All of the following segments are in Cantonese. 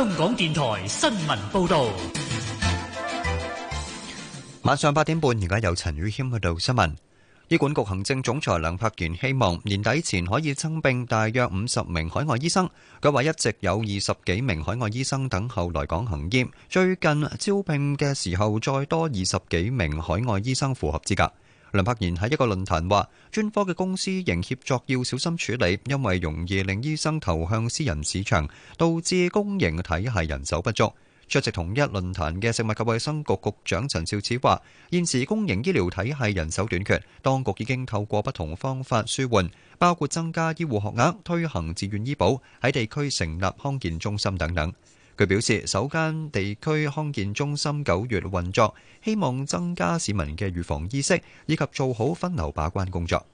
香港電台新聞報道，晚上八點半，而家由陳宇謙去到新聞。醫管局行政總裁梁柏堅希望年底前可以增聘大約五十名海外醫生。佢話一直有二十幾名海外醫生等候來港行醫，最近招聘嘅時候再多二十幾名海外醫生符合資格。梁栢賢喺一個論壇話，專科嘅公私營協作要小心處理，因為容易令醫生投向私人市場導致公營體系人手不足。出席同一論壇嘅食物及衛生局局，局長陳肇始話，現時公營醫療體系人手短缺，當局已經透過不同方法紓緩，包括增加醫護學額、推行自願醫保、喺地區成立康健中心等等。佢表示，首間地區康健中心九月運作，希望增加市民嘅預防意識，以及做好分流把關工作。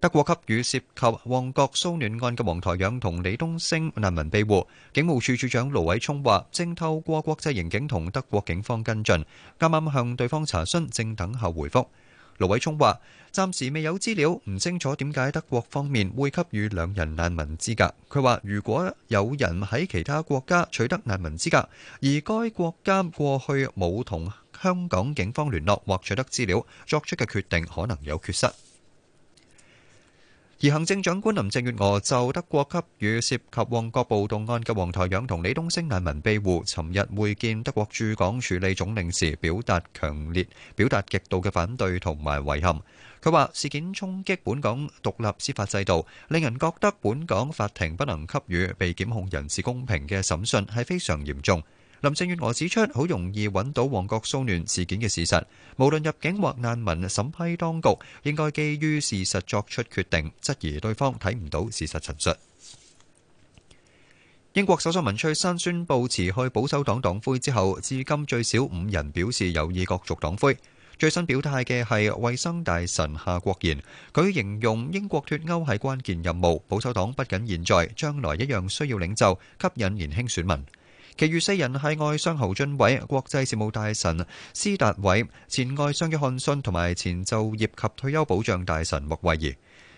德國給予涉及旺角騷亂案嘅黃台仰同李東升難民庇護。警務處處長盧偉聰話，正透過國際刑警同德國警方跟進，啱啱向對方查詢，正等候回覆。盧偉聰話：暫時未有資料，唔清楚點解德國方面會給予兩人難民資格。佢話：如果有人喺其他國家取得難民資格，而該國家過去冇同香港警方聯絡或取得資料，作出嘅決定可能有缺失。而行政長官林鄭月娥就德國給予涉及旺角暴動案嘅黃台仰同李東升難民庇護，尋日會見德國駐港處理總領事，表達強烈表達極度嘅反對同埋遺憾。佢話事件衝擊本港獨立司法制度，令人覺得本港法庭不能給予被檢控人士公平嘅審訊，係非常嚴重。林鄭月娥指出，好容易揾到旺角騷亂事件嘅事實，無論入境或難民審批當局，應該基於事實作出決定，質疑對方睇唔到事實陳述。英國首相文翠珊宣布辭去保守黨黨魁之後，至今最少五人表示有意角逐黨魁。最新表態嘅係衞生大臣夏國賢，佢形容英國脱歐係關鍵任務，保守黨不僅現在、將來一樣需要領袖吸引年輕選民。其餘四人係外相侯俊偉、國際事務大臣施達偉、前外相約翰遜同埋前就業及退休保障大臣莫惠儀。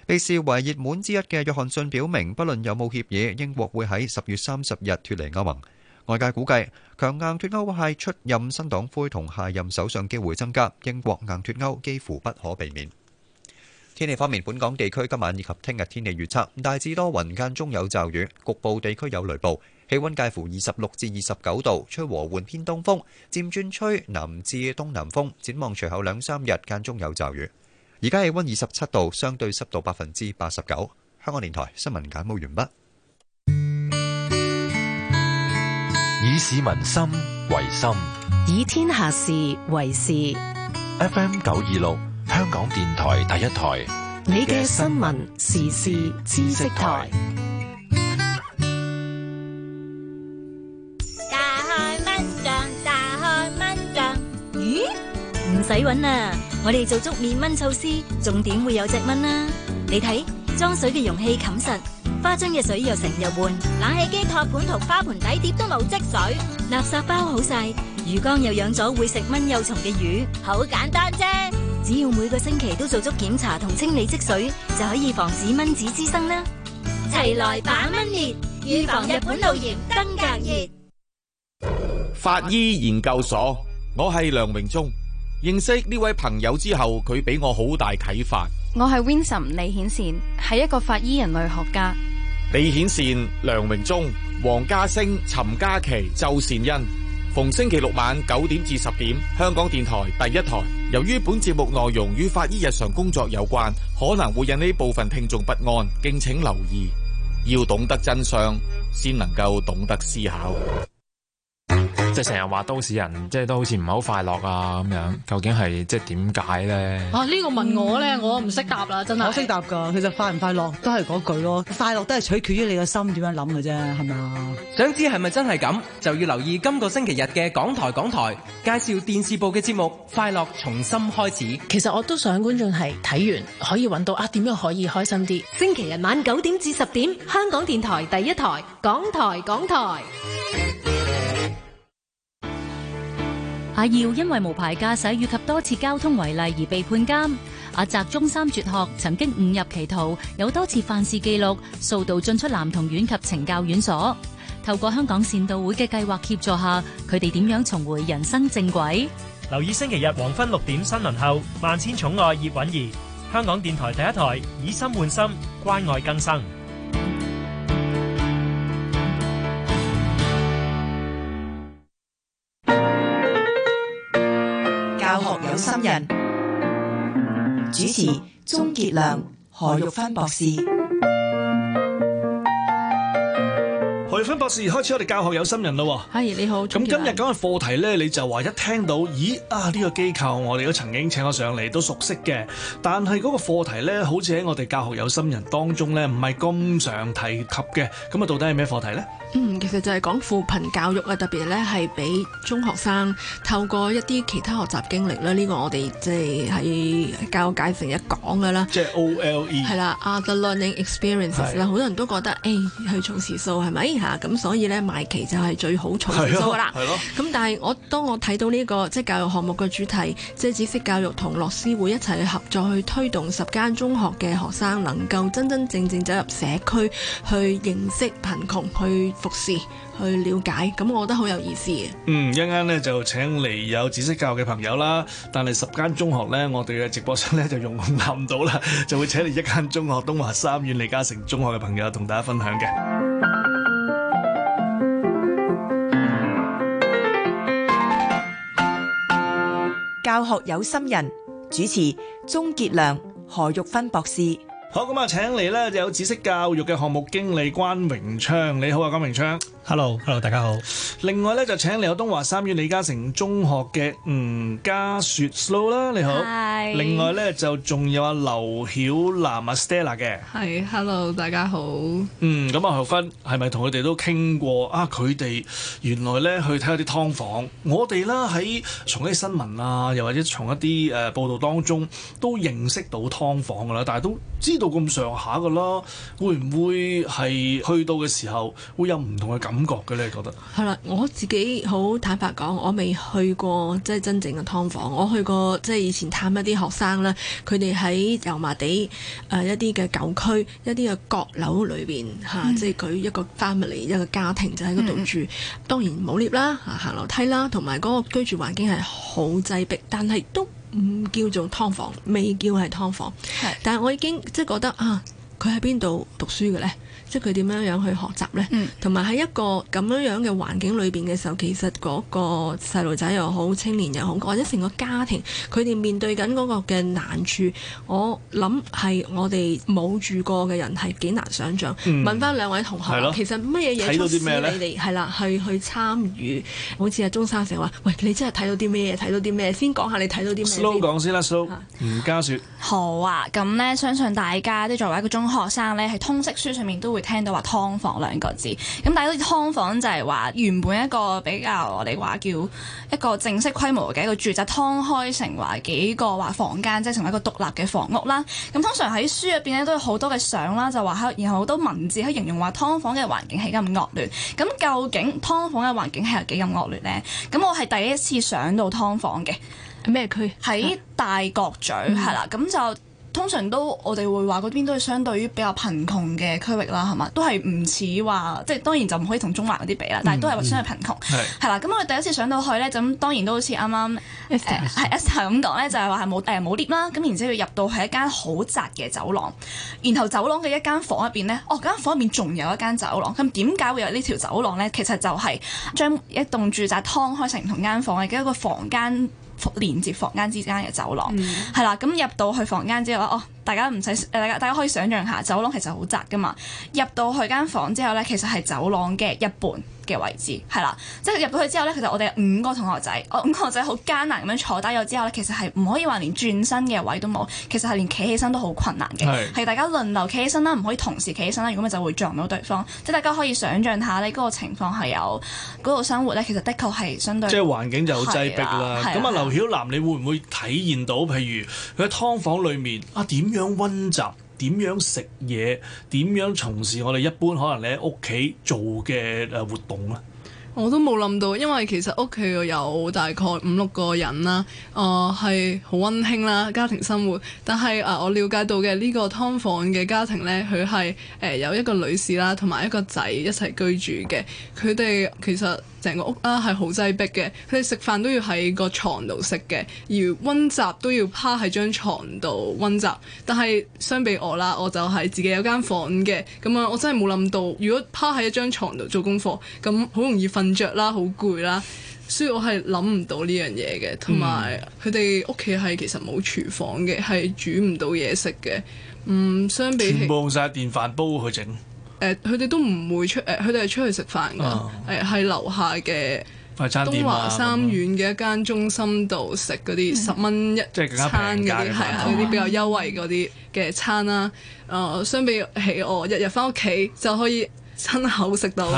被視為熱門之一嘅約翰遜表明，不論有冇協議，英國會喺十月三十日脫離歐盟。外界估計，強硬脫歐係出任新黨魁同下任首相機會增加。英國硬脫歐幾乎不可避免。天氣方面，本港地區今晚以及聽日天氣預測大致多雲間中有驟雨，局部地區有雷暴。氣溫介乎二十六至二十九度，吹和緩偏東風，漸轉吹南至東南風。展望隨後兩三日，間中有驟雨。而家氣溫二十七度，相對濕度百分之八十九。香港電台新聞簡報完畢。以市民心為心，以天下事為事。FM 九二六，香港電台第一台，你嘅新聞時事知識台。洗穩啦！我哋做足滅蚊措施，重點會有隻蚊啦。你睇裝水嘅容器冚實，花樽嘅水又成日換，冷氣機托盤同花盆底碟都冇積水，垃圾包好晒，魚缸又養咗會食蚊幼蟲嘅魚，好簡單啫。只要每個星期都做足檢查同清理積水，就可以防止蚊子滋生啦。齊來把蚊滅，預防日本腦炎，登革熱。法醫研究所，我係梁榮忠。認識呢位朋友之後，佢俾我好大啟發。我係 Winsome 李顯善，係一個法醫人類學家。李顯善、梁榮忠、黃家星、陳嘉琪、周善恩，逢星期六晚九點至十點，香港電台第一台。由於本節目內容與法醫日常工作有關，可能會引起部分聽眾不安，敬請留意。要懂得真相，先能夠懂得思考。成日話都市人即係都好似唔係好快樂啊咁樣，究竟係即係點解咧？啊呢個問我咧，我唔識答啦，真係好識答噶。其實快唔快樂都係嗰句咯，快樂都係取決於你個心點樣諗嘅啫，係咪啊？想知係咪真係咁，就要留意今個星期日嘅港台港台介紹電視部嘅節目《快樂從心開始》。其實我都想觀眾係睇完可以揾到啊點樣可以開心啲。星期日晚九點至十點，香港電台第一台港台港台。阿耀因為無牌駕駛以及多次交通違例而被判新人主持：鍾杰良、何玉芬博士。張博士開始我哋教學有心人咯，阿姨你好。咁今日講嘅課題咧，你就話一聽到，咦，啊呢個機構我哋都曾經請我上嚟都熟悉嘅，但係嗰個課題咧，好似喺我哋教學有心人當中咧，唔係咁常提及嘅。咁啊，到底係咩課題咧？嗯，其實就係講扶貧教育啊，特別咧係俾中學生透過一啲其他學習經歷啦。呢個我哋即係喺教育界成日講噶啦。即係 O L E 係啦，Other Learning Experiences 啦的，好多人都覺得誒、哎、去重視數係咪吓？咁所以咧，賣旗就係最好重組噶啦。咁、 嗯、但係我當我睇到呢、這個即係、就是、教育項目嘅主題，即係籽識教育同樂施會一齊合作去推動十間中學嘅學生能夠真真正，正正走入社區去認識貧窮，去服侍，去了解。咁、嗯、我覺得好有意思嗯，um, 一啱呢，就請嚟有籽識教育嘅朋友啦。但係十間中學呢，我哋嘅直播室呢，就容納唔到啦，就會請嚟一間中學——東華三院李嘉誠中學嘅朋友同大家分享嘅。教學有心人主持：鍾杰良、何玉芬博士。好咁啊，請嚟咧有籽識教育嘅項目經理關榮昌，你好啊，關榮昌。Hello，Hello，hello，大家好。另外咧就請嚟有東華三院李嘉誠中學嘅吳嘉雪 Slow 啦，你好。h Hi 另外咧就仲有阿劉曉楠、m、啊、Stella 嘅。係，Hello，大家好。嗯，咁啊，何芬係咪同佢哋都傾過啊？佢哋原來咧去睇下啲劏房，我哋啦喺從一啲新聞啊，又或者從一啲誒、呃、報道當中都認識到劏房噶啦，但係都。知道咁上下㗎啦，會唔會係去到嘅時候會有唔同嘅感覺嘅咧？覺得係啦，我自己好坦白講，我未去過即係真正嘅劏房，我去過即係以前探一啲學生啦，佢哋喺油麻地誒、呃、一啲嘅舊區一啲嘅閣樓裏邊吓，啊嗯、即係佢一個 family 一個家庭就喺嗰度住，嗯、當然冇 lift 啦，行樓梯啦，同埋嗰個居住環境係好擠迫，但係都。唔叫做劏房，未叫係劏房，的但係我已經即係覺得啊，佢喺邊度讀書嘅咧？即係佢點樣樣去學習呢？同埋喺一個咁樣樣嘅環境裏邊嘅時候，其實嗰個細路仔又好，青年又好，或者成個家庭，佢哋面對緊嗰個嘅難處，我諗係我哋冇住過嘅人係幾難想像。嗯、問翻兩位同學，的其實乜嘢嘢？睇到啲咩咧？係啦，去去參與，好似阿鍾生成話，喂，你真係睇到啲咩？睇到啲咩？先講下你睇到啲咩 s 講 slow 先啦，Sue 吳嘉雪。So. 嗯、好啊，咁咧，相信大家即係作為一個中學生咧，係通識書上面都會，聽到話劏房兩個字，咁但係劏房就係話原本一個比較我哋話叫一個正式規模嘅一個住宅劏開成為幾個話房間，即係成為一個獨立嘅房屋啦。咁通常喺書入邊咧都有好多嘅相啦，就話喺然後好多文字去形容話劏房嘅環境係咁惡劣。咁究竟劏房嘅環境係有幾咁惡劣呢？咁我係第一次上到劏房嘅咩區？喺大角咀係啦，咁、啊、就。通常都我哋會話嗰邊都係相對於比較貧窮嘅區域啦，係嘛？都係唔似話，即係當然就唔可以同中環嗰啲比啦，但係都係相對貧窮，係啦。咁我哋第一次上到去咧，咁當然都好似啱啱誒係 Esther 咁講咧，就 係樂、呃呃呃呃、話係冇誒冇 lift 啦。咁然之後入到係一間好窄嘅走廊，然後走廊嘅一間房入邊咧，哦間房入邊仲有一間走廊。咁點解會有呢條走廊咧？其實就係將一棟住宅劏開成唔同間房嘅一個房間。連接房間之間嘅走廊，係啦、嗯，咁入到去房間之後，哦。大家唔使，大家大家可以想象下走廊其實好窄㗎嘛。入到去間房之後呢，其實係走廊嘅一半嘅位置，係啦。即係入到去之後呢，其實我哋五個同學仔，五個同學仔好艱難咁樣坐低咗之後呢，其實係唔可以話連轉身嘅位都冇，其實係連企起身都好困難嘅。係是的 大家輪流企起身啦，唔可以同時企起身啦。如果咪就會撞到對方。即係大家可以想象下咧，嗰、嗰個情況，係有嗰個生活呢，其實的確係相對即係環境就好擠迫啦。咁啊，劉曉楠，你會唔會體驗到？譬如佢喺劏房裏面啊，點樣？點樣溫習？點樣食嘢？點樣從事我哋一般可能你喺屋企做嘅活動咧？我都冇諗到，因為其實屋企有大概五六個人啦，誒係好溫馨啦，家庭生活。但係誒，呃，我了解到嘅呢個劏房嘅家庭呢，佢係誒有一個女士啦，同埋一個仔一齊居住嘅。佢哋其實成個屋啦係好擠迫嘅，佢哋食飯都要喺個床度食嘅，而溫習都要趴喺張床度溫習。但係相比我啦，我就係自己有間房嘅，咁啊我真係冇諗到，如果趴喺一張床度做功課，咁好容易瞓着啦，好攰啦，所以我係諗唔到呢樣嘢嘅，同埋佢哋屋企係其實冇廚房嘅，係煮唔到嘢食嘅。嗯，相比起全部用曬電飯煲去整。佢哋、呃、都唔會出，誒、呃，佢哋係出去食飯㗎。誒、哦，喺、呃、樓下嘅東華三院嘅一間中心度食嗰啲十蚊一餐，即係更加平啲，係啊對，啲比較優惠嗰啲嘅餐啦。誒、嗯嗯呃，相比起我日日翻屋企就可以。親口食到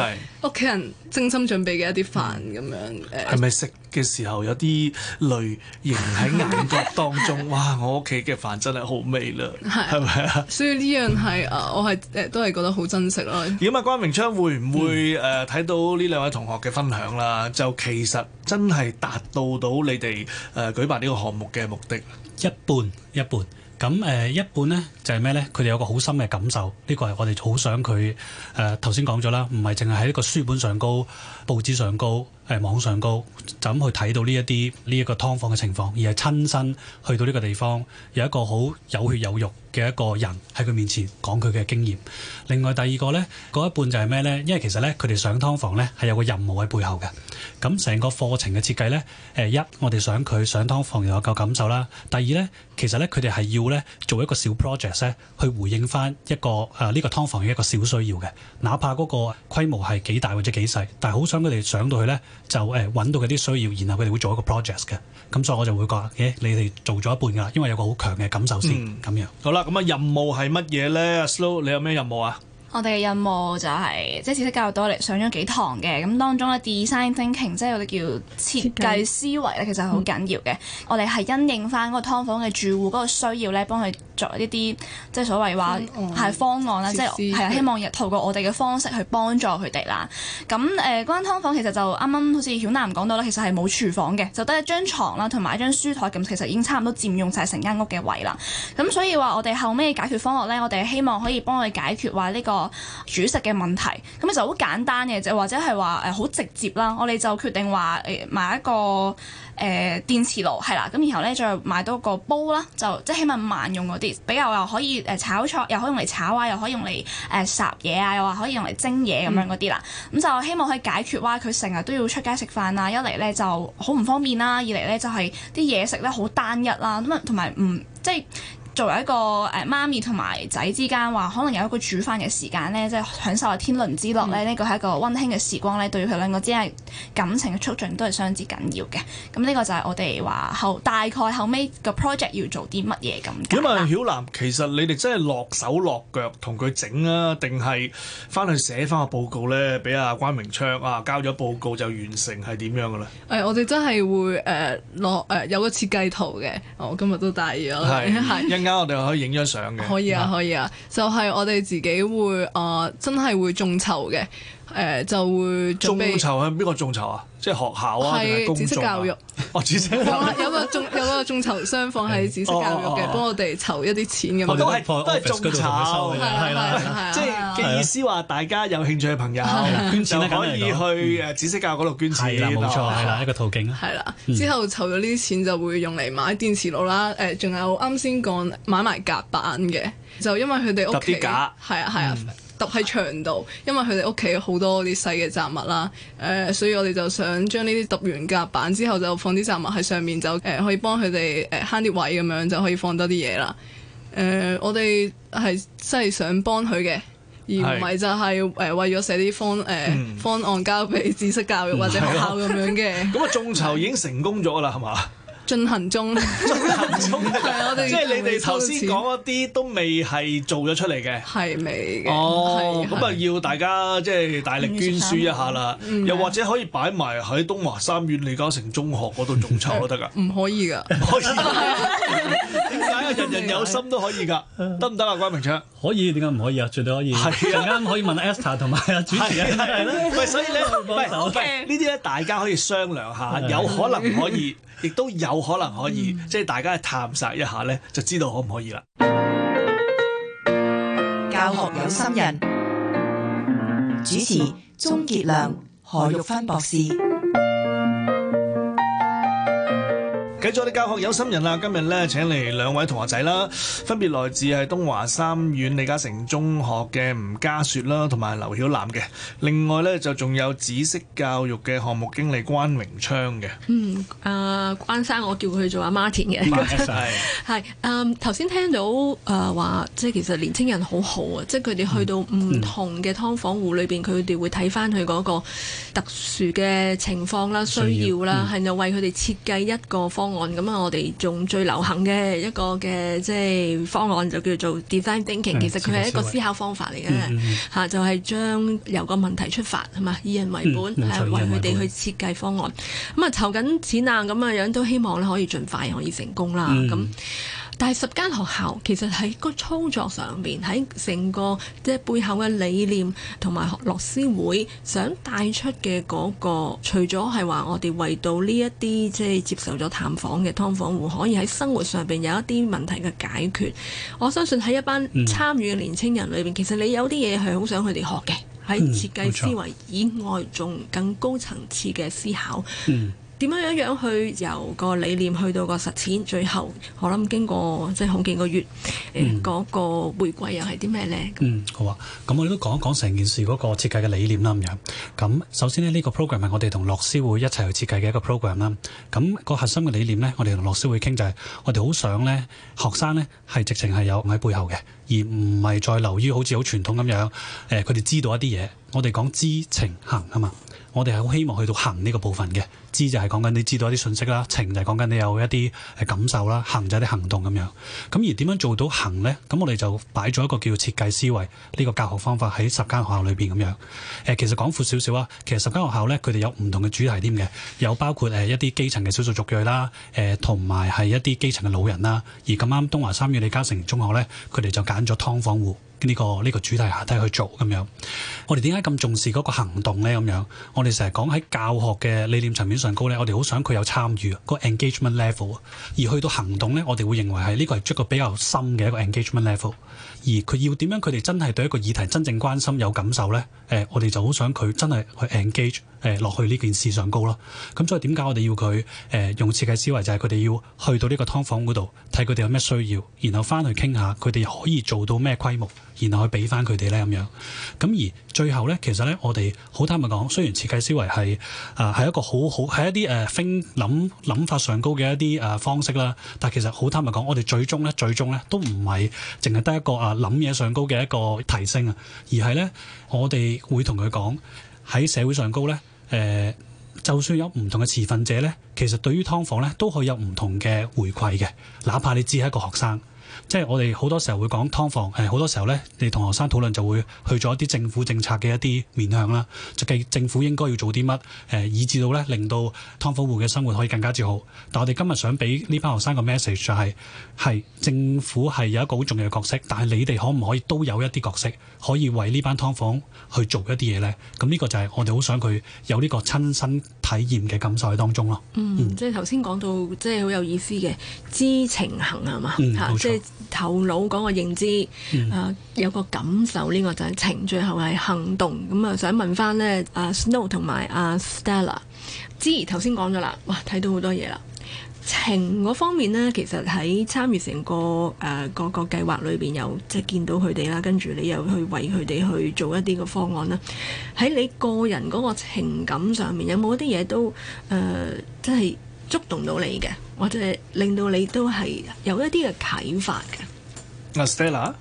屋企人精心準備嘅一啲飯咁樣，係咪食嘅時候有啲淚盈喺眼角當中？ 啊、哇！我屋企嘅飯真係好味啦，係咪啊？所以呢樣係啊，我係誒都係覺得好珍惜咯。如果啊，關榮昌會唔會誒睇、嗯呃、到呢兩位同學嘅分享啦？就其實真係達到到你哋誒、呃、舉辦呢個項目嘅目的，一半一半。一半咁誒一半呢，就係、是、咩呢？佢哋有個好深嘅感受，呢、這個係我哋好想佢誒頭先講咗啦，唔係淨係喺呢個書本上高、報紙上高、誒、呃、網上高，就咁去睇到呢一啲呢一個劏房嘅情況，而係親身去到呢個地方，有一個好有血有肉嘅一個人喺佢面前講佢嘅經驗。另外第二個呢，嗰一半就係咩呢？因為其實呢，佢哋上劏房呢係有個任務喺背後嘅。咁成個課程嘅設計呢，誒、呃、一我哋想佢上劏房有個感受啦。第二呢。其實咧，佢哋係要咧做一個小 project 咧，去回應翻一個誒呢、呃這個劏房嘅一個小需要嘅，哪怕嗰個規模係幾大或者幾細，但係好想佢哋上到去咧就誒揾到佢啲需要，然後佢哋會做一個 project 嘅。咁所以我就會覺得，咦、欸，你哋做咗一半噶啦，因為有個好強嘅感受先。咁、嗯、樣。好啦，咁啊任務係乜嘢咧？阿 Slow，你有咩任務啊？我哋嘅任務就係、是、即係籽識教育多嚟上咗幾堂嘅，咁當中咧 design thinking，即係我哋叫設計思維咧，其實係好緊要嘅。嗯、我哋係因應翻嗰個劏房嘅住戶嗰個需要咧，幫佢作一啲即係所謂話係方案啦，嗯嗯、即係係希望透過我哋嘅方式去幫助佢哋啦。咁誒嗰間劏房其實就啱啱好似曉楠講到啦，其實係冇廚房嘅，就得一張床啦，同埋一張書枱咁，其實已經差唔多佔用晒成間屋嘅位啦。咁所以話我哋後尾嘅解決方案咧，我哋希望可以幫佢解決話、這、呢個。煮食嘅問題，咁就好簡單嘅，就或者係話誒好直接啦。我哋就決定話誒、呃、買一個誒、呃、電磁爐，係啦，咁然後咧再買多個煲啦，就即係起碼萬用嗰啲比較又可以誒炒菜，又可以用嚟炒啊，又可以用嚟誒煠嘢啊，又話可以用嚟蒸嘢咁樣嗰啲啦。咁就希望可以解決話佢成日都要出街食飯啊，一嚟咧就好唔方便啦，二嚟咧就係啲嘢食咧好單一啦，咁啊同埋唔即係。作為一個誒媽咪同埋仔之間話，可能有一個煮飯嘅時間咧，即係享受下天倫之樂咧，呢個係一個溫馨嘅時光咧，對於佢兩個之間感情嘅促進都係相之緊要嘅。咁呢個就係我哋話後大概後尾個 project 要做啲乜嘢咁。咁啊，曉楠，其實你哋真係落手落腳同佢整啊，定係翻去寫翻個報告咧，俾阿關榮昌啊交咗報告就完成係點樣嘅咧？誒、哎，我哋真係會誒、呃、落誒、呃、有個設計圖嘅，我今日都帶咗。係是 陣間我哋可以影張相嘅，可以啊，嗯、可以啊，就係、是、我哋自己會啊、呃，真係會眾籌嘅。誒就會籌備。眾籌啊，邊個眾籌啊？即係學校啊，係籽識教育。哦，有啦，有個眾有個眾籌箱放喺籽識教育嘅，幫我哋籌一啲錢咁樣。都係都係眾籌，係啦，即係嘅意思話，大家有興趣嘅朋友捐錢，可以去誒籽識教育嗰度捐錢。冇錯，係啦，一個途徑。係啦，之後籌咗呢啲錢就會用嚟買電磁爐啦。誒，仲有啱先講買埋夾板嘅，就因為佢哋屋企係啊係啊。揼喺牆度，因為佢哋屋企好多啲細嘅雜物啦。誒、呃，所以我哋就想將呢啲揼完夾板之後，就放啲雜物喺上面，就誒、呃、可以幫佢哋誒慳啲位咁樣，就可以放多啲嘢啦。誒、呃，我哋係真係想幫佢嘅，而唔係就係誒為咗寫啲方誒、呃嗯、方案交俾籽識教育或者學校咁樣嘅。咁啊，眾籌已經成功咗啦，係嘛？ 進行中，進行中，我哋，即係你哋頭先講嗰啲都未係做咗出嚟嘅，係未？哦，咁啊要大家即係大力捐輸一下啦，又或者可以擺埋喺東華三院李嘉誠中學嗰度眾籌都得㗎。唔可以㗎，唔可以點解啊？人人有心都可以㗎，得唔得啊？關榮昌可以點解唔可以啊？絕對可以，陣間可以問阿 Esther 同埋主持人。係啦，所以聲。喂！呢啲咧大家可以商量下，有可能可以，亦都有。有可能可以，即係、嗯、大家去探索一下咧，就知道可唔可以啦。教學有心人，主持鍾杰良、何玉芬博士。繼續啲教學有心人啦，今日咧請嚟兩位同學仔啦，分別來自係東華三院李嘉誠中學嘅吳嘉雪啦，同埋劉曉楠嘅。另外咧就仲有籽識教育嘅項目經理關榮昌嘅。嗯，阿、呃、關生，我叫佢做阿 Martin 嘅。Martin 係。係。嗯，頭先聽到誒話、呃、即係其實年青人好好啊，即係佢哋去到唔同嘅劏房戶裏邊佢哋會睇翻佢嗰個特殊嘅情況啦、需要啦，係就、嗯、為佢哋設計一個方案。咁啊，我哋仲最流行嘅一個嘅即係方案就叫做 design thinking，其實佢係一個思考方法嚟嘅嚇， 就係將由個問題出發，係嘛以人為本，係 為佢哋去設計方案。咁啊，籌緊錢啊，咁嘅、嗯、樣都希望咧可以盡快可以成功啦。咁。 但係十間學校其實喺個操作上面，喺成個即係背後嘅理念同埋學老師會想帶出嘅嗰、那個，除咗係話我哋為到呢一啲即係接受咗探訪嘅劏房戶，可以喺生活上邊有一啲問題嘅解決。我相信喺一班參與嘅年青人裏邊，嗯、其實你有啲嘢係好想佢哋學嘅，喺設計思維以外，仲更高層次嘅思考。嗯點樣樣樣去由個理念去到個實踐，最後我諗經過即係好幾個月，誒嗰、嗯呃嗰個回歸又係啲咩呢？嗯，好啊，咁我哋都講一講成件事嗰個設計嘅理念啦，咁樣。咁首先呢，呢、呢個 program 係我哋同樂師會一齊去設計嘅一個 program 啦。咁個核心嘅理念呢，我哋同樂師會傾就係我哋好想呢，學生呢係直情係有喺背後嘅。而唔係再流於好似好傳統咁樣，誒佢哋知道一啲嘢，我哋講知情行啊嘛，我哋係好希望去到行呢個部分嘅，知就係講緊你知道一啲信息啦，情就係講緊你有一啲感受啦，行就係啲行動咁樣，咁而點樣做到行呢？咁我哋就擺咗一個叫設計思維呢個教學方法喺十間學校裏邊咁樣，誒、呃、其實講闊少少啊，其實十間學校呢，佢哋有唔同嘅主題添嘅，有包括誒一啲基層嘅少數族裔啦，誒同埋係一啲基層嘅老人啦，而咁啱東華三院李嘉誠中學呢，佢哋就揀咗劏房戶呢、這個呢、這個主題下底去做咁樣，我哋點解咁重視嗰個行動呢？咁樣，我哋成日講喺教學嘅理念層面上高呢，我哋好想佢有參與、嗰個 engagement level，而去到行動呢，我哋會認為係呢、這個係一個比較深嘅一個 engagement level，而佢要點樣佢哋真係對一個議題真正關心有感受呢？誒、欸，我哋就好想佢真係去 engage。誒落去呢件事上高咯，咁所以點解我哋要佢誒、呃、用設計思維？就係佢哋要去到呢個劏房嗰度，睇佢哋有咩需要，然後翻去傾下，佢哋可以做到咩規模，然後去俾翻佢哋咧咁樣。咁而最後咧，其實咧，我哋好坦白講，雖然設計思維係啊係一個好好係一啲誒諗諗法上高嘅一啲誒方式啦，但其實好坦白講，我哋最終咧，最終咧都唔係淨係得一個啊諗嘢上高嘅一個提升啊，而係咧我哋會同佢講喺社會上高咧。誒、呃，就算有唔同嘅持份者咧，其實對於劏房咧，都可以有唔同嘅回饋嘅，哪怕你只係一個學生。即係我哋好多時候會講劏房誒，好多時候咧，你同學生討論就會去咗一啲政府政策嘅一啲面向啦，即計政府應該要做啲乜誒，以至到咧令到劏房戶嘅生活可以更加之好。但我哋今日想俾呢班學生個 message 就係、係、係政府係有一個好重要嘅角色，但係你哋可唔可以都有一啲角色可以為呢班劏房去做一啲嘢咧？咁呢個就係我哋好想佢有呢個親身體驗嘅感受喺當中咯。嗯，嗯即係頭先講到即係好有意思嘅知情行係嘛？即係。嗯頭腦嗰個認知，誒、mm hmm. 呃、有個感受，呢、呢個就係情。最後係行動。咁、嗯、啊，想問翻咧，阿 Snow 同埋阿 Stella，之頭先講咗啦，哇，睇到好多嘢啦。情嗰方面呢，其實喺參與成個誒個個計劃裏邊，有即係見到佢哋啦，跟住你又去為佢哋去做一啲嘅方案啦。喺你個人嗰個情感上面，有冇一啲嘢都誒即係？呃觸動到你嘅，或者令到你都係有一啲嘅啟發嘅。阿 Stella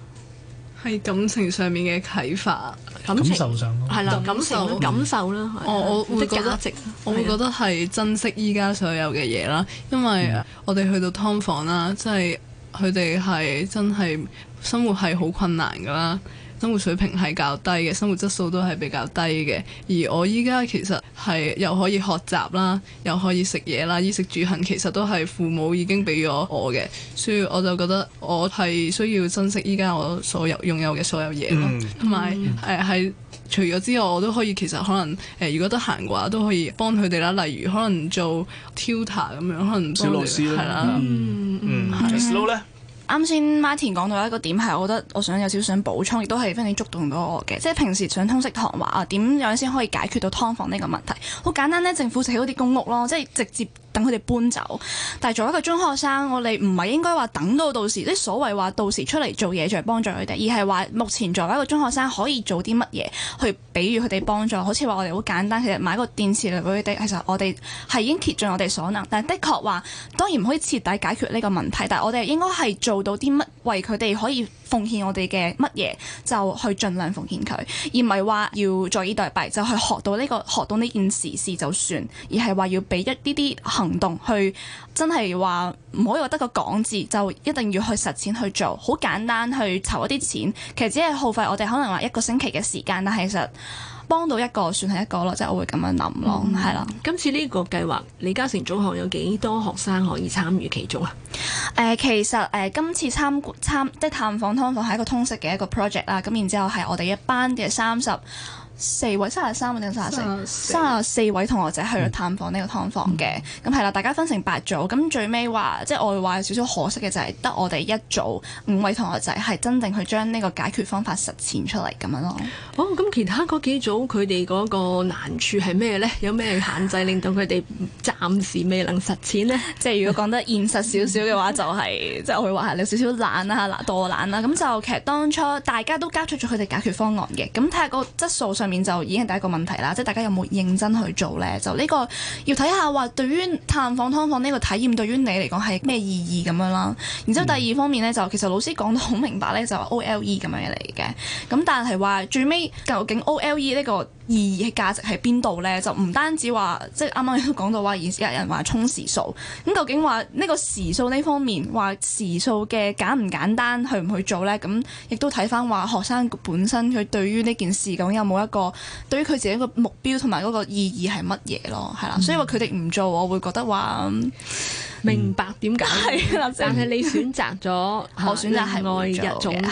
係感情上面嘅啟發，感，情感受上咯，係啦的，感，情感受感受啦。我會覺得，我會覺得係珍惜依家所有嘅嘢啦，嗯、因為我哋去到劏房啦，即係佢哋係真係生活係好困難噶啦。生活水平係較低嘅，生活質素都係比較低嘅。而我依家其實係又可以學習啦，又可以食嘢啦，衣食住行其實都係父母已經俾咗我嘅，所以我就覺得我係需要珍惜依家我所有擁有嘅所有嘢咯。同埋誒係除咗之外，我都可以其實可能誒、呃、如果得閒嘅話，都可以幫佢哋啦。例如可能做 tutor 咁樣，可能小老師啦，嗯嗯。啱先，Martin 講到一個點係，我覺得我想有少少想補充，亦都係非常之觸動到我嘅。即係平時想通識堂話啊，點樣先可以解決到劏房呢個問題？好簡單咧，政府就起好啲公屋咯，即係直接。等佢哋搬走，但係作為一個中學生，我哋唔係應該話等到到時，即係所謂話到時出嚟做嘢再幫助佢哋，而係話目前作為一個中學生可以做啲乜嘢去俾住佢哋幫助。好似話我哋好簡單，其實買個電池嚟俾佢哋，其實我哋係已經竭盡我哋所能。但係的確話當然唔可以徹底解決呢個問題，但係我哋應該係做到啲乜為佢哋可以。奉獻我哋嘅乜嘢就去盡量奉獻佢，而唔係話要坐以待斃，就去學到呢、這個學到呢件事事就算，而係話要俾一啲啲行動去真，真係話唔可以得個講字，就一定要去實踐去做。好簡單去籌一啲錢，其實只係耗費我哋可能話一個星期嘅時間，但其實。幫到一個算係一個咯，即係我會咁樣諗咯，係啦。嗯、啦今次呢個計劃，李嘉誠中學有幾多學生可以參與其中啊？誒、呃，其實誒、呃、今次參參即探訪探訪係一個通識嘅一個 project 啦。咁然之後係我哋一班嘅三十。四位、三十三定三十四、三十四位同學仔去咗探訪呢個劏房嘅，咁係啦，嗯、大家分成八組，咁最尾話，即係我會話有少少可惜嘅就係得我哋一組五位同學仔係真正去將呢個解決方法實踐出嚟咁樣咯。哦，咁其他嗰幾組佢哋嗰個難處係咩呢？有咩限制令到佢哋暫時未能實踐呢？ 即係如果講得現實少少嘅話、就係， 就係即係我會話你少少懶啊，懶惰懶啦。咁 就其實當初大家都交出咗佢哋解決方案嘅，咁睇下個質素上面就已經係第一個問題啦，即係大家有冇認真去做呢？就呢、呢個要睇下話，對於探訪劏房呢個體驗，對於你嚟講係咩意義咁樣啦。嗯、然之後第二方面呢，就其實老師講得好明白呢，就話 O L E 咁樣嚟嘅。咁但係話最尾究竟 O L E 呢、呢個？意義嘅價值喺邊度呢？就唔單止話，即係啱啱講到話，而有人話充時數。咁究竟話呢個時數呢方面，話時數嘅簡唔簡單，去唔去做呢？咁亦都睇翻話學生本身佢對於呢件事究竟有冇一個，對於佢自己個目標同埋嗰個意義係乜嘢咯。係啦，所以話佢哋唔做，我會覺得話。明白點解？係、嗯、但係你選擇咗，我選擇愛一種嘅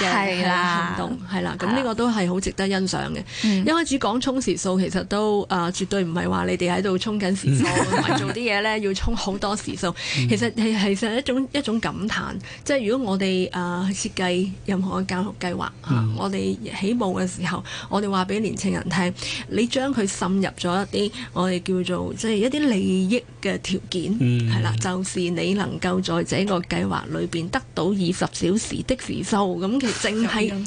行動，係啦，咁呢個都係好值得欣賞嘅。一開始講充時數，其實都啊、呃，絕對唔係話你哋喺度充緊時數，同埋、嗯、做啲嘢咧要充好多時數。嗯、其實係其實係一種一種感嘆，即係如果我哋啊、呃、設計任何嘅教育計劃啊，嗯、我哋起步嘅時候，我哋話俾年青人聽，你將佢滲入咗一啲我哋叫做即係一啲、就是、利益嘅條件，係、嗯、啦，就是你能夠在這個計劃裏邊得到二十小時的時數，咁其實淨係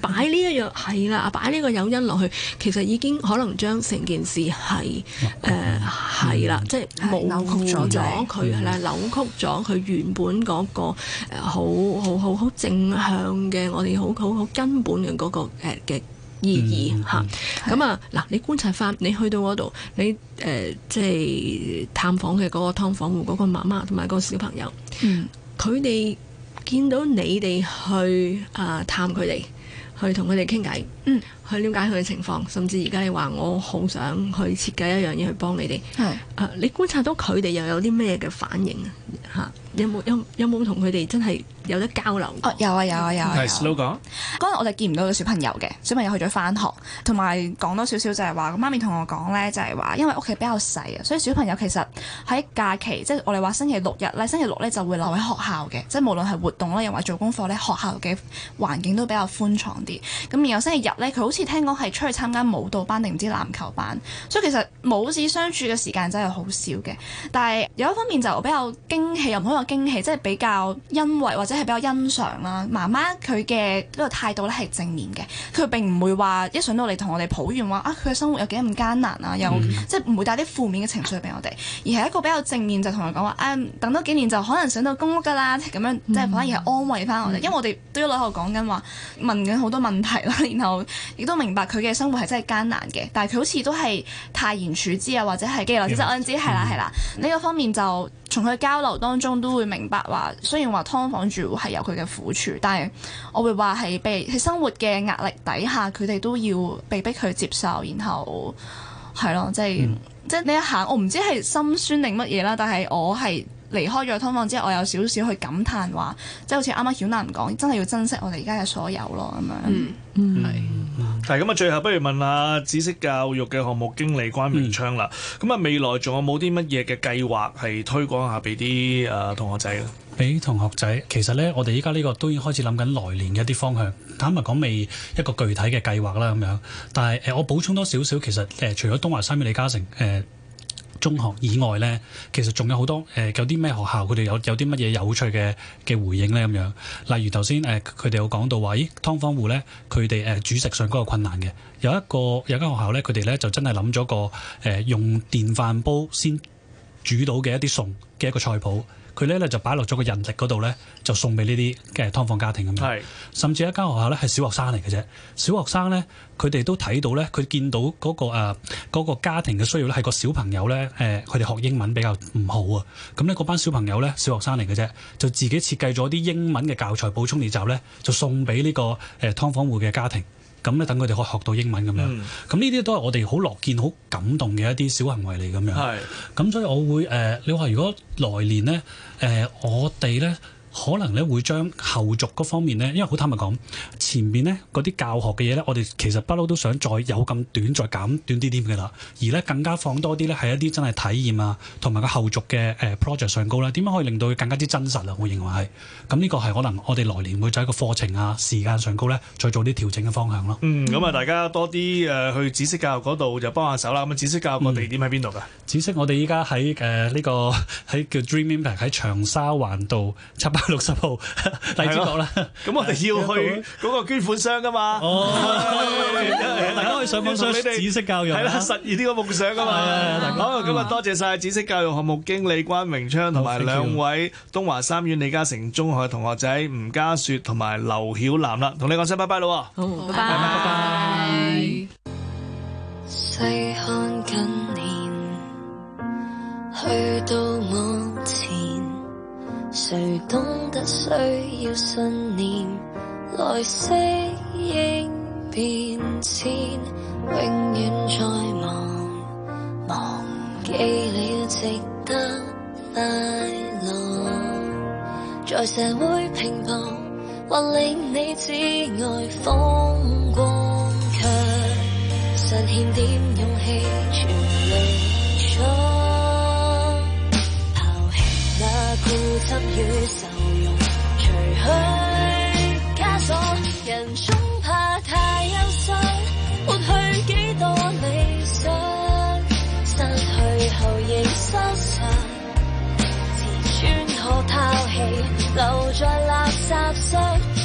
擺呢一樣係啦，擺呢個誘因落去，其實已經可能將成件事係誒係啦，即係扭曲咗佢啦，扭曲咗佢原本嗰個好好好好正向嘅，我哋好好好根本嘅嗰、嗰個嘅。呃意義嚇，咁、嗯嗯、啊嗱，嗯、你觀察翻，的你去到嗰度，你誒、呃、即係探訪嘅嗰個劏房戶嗰個媽媽同埋個小朋友，嗯，佢哋見到你哋去啊、呃、探佢哋，去同佢哋傾偈，嗯，去了解佢嘅情況，甚至而家你話我好想去設計一樣嘢去幫你哋，係的、啊，你觀察到佢哋又有啲咩嘅反應啊？嚇，有冇有有冇同佢哋真係？有啲交流哦、oh, 啊，有啊有啊有啊。係 slogan。嗰日我哋見唔到個小朋友嘅，小朋友去咗返學，同埋講多少少就係話，媽咪同我講呢，就係話，因為屋企比較細啊，所以小朋友其實喺假期，即係我哋話星期六日咧，星期六呢就會留喺學校嘅，即係無論係活動啦，又話做功課呢，學校嘅環境都比較寬敞啲。咁然後星期日呢，佢好似聽講係出去參加舞蹈班定唔知籃球班，所以其實母子相處嘅時間真係好少嘅。但係有一方面就比較驚喜，又唔可以話驚喜，即係比較欣慰或者。係比較欣賞啦，媽媽佢嘅呢個態度咧係正面嘅，佢並唔會話一上到嚟同我哋抱怨話啊，佢嘅生活有幾咁艱難啊，又即係唔會帶啲負面嘅情緒俾我哋，而係一個比較正面就同佢講話，誒等多幾年就可能上到公屋㗎啦，咁樣即係反而係安慰翻我哋，因為我哋都要一路講緊話問緊好多問題啦，然後亦都明白佢嘅生活係真係艱難嘅，但係佢好似都係泰然處之啊，或者係既來之則安之，係啦係啦，呢個方面就。從佢交流當中都會明白話，雖然話劏房住係有佢嘅苦處，但係我會話係被喺生活嘅壓力底下，佢哋都要被逼去接受，然後係咯，即係、嗯、即係呢一下我唔知係心酸定乜嘢啦，但係我係。離開咗劏房之後，我有少少去感嘆話，即係好似啱啱曉楠講，真係要珍惜我哋而家嘅所有咯，咁樣，嗯。嗯，係是。係咁啊，最後不如問下籽識教育嘅項目經理關榮昌啦。咁、嗯、啊，未來仲有冇啲乜嘢嘅計劃係推廣下俾啲誒同學仔？俾同學仔，其實咧，我哋依家呢個都已經開始諗緊來年嘅一啲方向。坦白講，未一個具體嘅計劃啦咁樣。但係誒、呃，我補充多少少，其實誒、呃，除咗東華三院李嘉誠誒。呃呃中學以外呢，其實仲有好多誒、呃，有啲咩學校佢哋有有啲乜嘢有趣嘅嘅回應呢？咁樣。例如頭先誒，佢、呃、哋有講到話，咦劏房戶呢，佢哋誒煮食上嗰個困難嘅，有一個有間學校呢，佢哋呢就真係諗咗個誒、呃、用電飯煲先煮到嘅一啲餸嘅一個菜譜。佢咧就擺落咗個人力嗰度咧，就送俾呢啲嘅劏房家庭咁樣。是甚至一間學校咧係小學生嚟嘅啫，小學生咧佢哋都睇到咧，佢見到嗰個誒嗰個家庭嘅需要咧係個小朋友咧誒，佢哋學英文比較唔好啊。咁咧嗰班小朋友咧小學生嚟嘅啫，就自己設計咗啲英文嘅教材補充練習咧，就送俾呢個誒劏房戶嘅家庭。咁咧等佢哋可以學到英文咁樣，咁呢啲都係我哋好樂見、好感動嘅一啲小行為嚟咁樣。咁係所以我會誒、呃，你話如果來年、呃、呢，誒我哋咧。可能咧會將後續嗰方面咧，因為好坦白講，前面咧嗰啲教學嘅嘢咧，我哋其實不嬲都想再有咁短，再減短啲啲嘅啦。而咧更加放多啲咧係一啲真係體驗啊，同埋個後續嘅誒 project 上高咧，點樣可以令到佢更加之真實啊？我認為係。咁呢個係可能我哋來年會就喺個課程啊時間上高咧，再做啲調整嘅方向咯。嗯，咁啊大家多啲誒、呃、去籽識教育嗰度就幫下手啦。咁籽識教育個地點喺邊度㗎？籽識我哋依家喺誒呢個喺叫 Dream Impact 喺長沙灣道六十號弟子講啦，咁我哋要去嗰個捐款箱噶嘛，大家可以上網上畀你哋，籽識教育，實現呢個夢想啊嘛，好，今日，多謝晒籽識教育項目經理關榮昌同埋兩位東華三院李嘉誠中學嘅同學仔吳嘉雪同埋劉曉楠啦，同你講聲拜拜咯，好，拜拜。誰懂得需要信念來適應變遷，遷？永遠在忙，忘記了值得快樂， 在社會拼搏或令你只愛風光卻，卻尚欠點勇氣全力。負擔與受用，除去枷鎖，人總怕太憂傷，抹去幾多理想，失去後仍失常。自尊可拋棄，留在垃圾箱。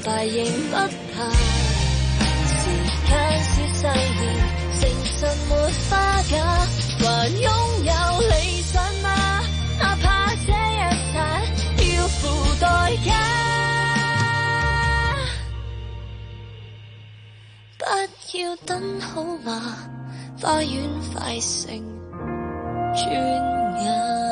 失敗仍不怕，時間是誓言，誠實沒花假，還擁有理想嗎？哪怕，怕這一剎要付代價，不要等好嗎？快園快成轉眼。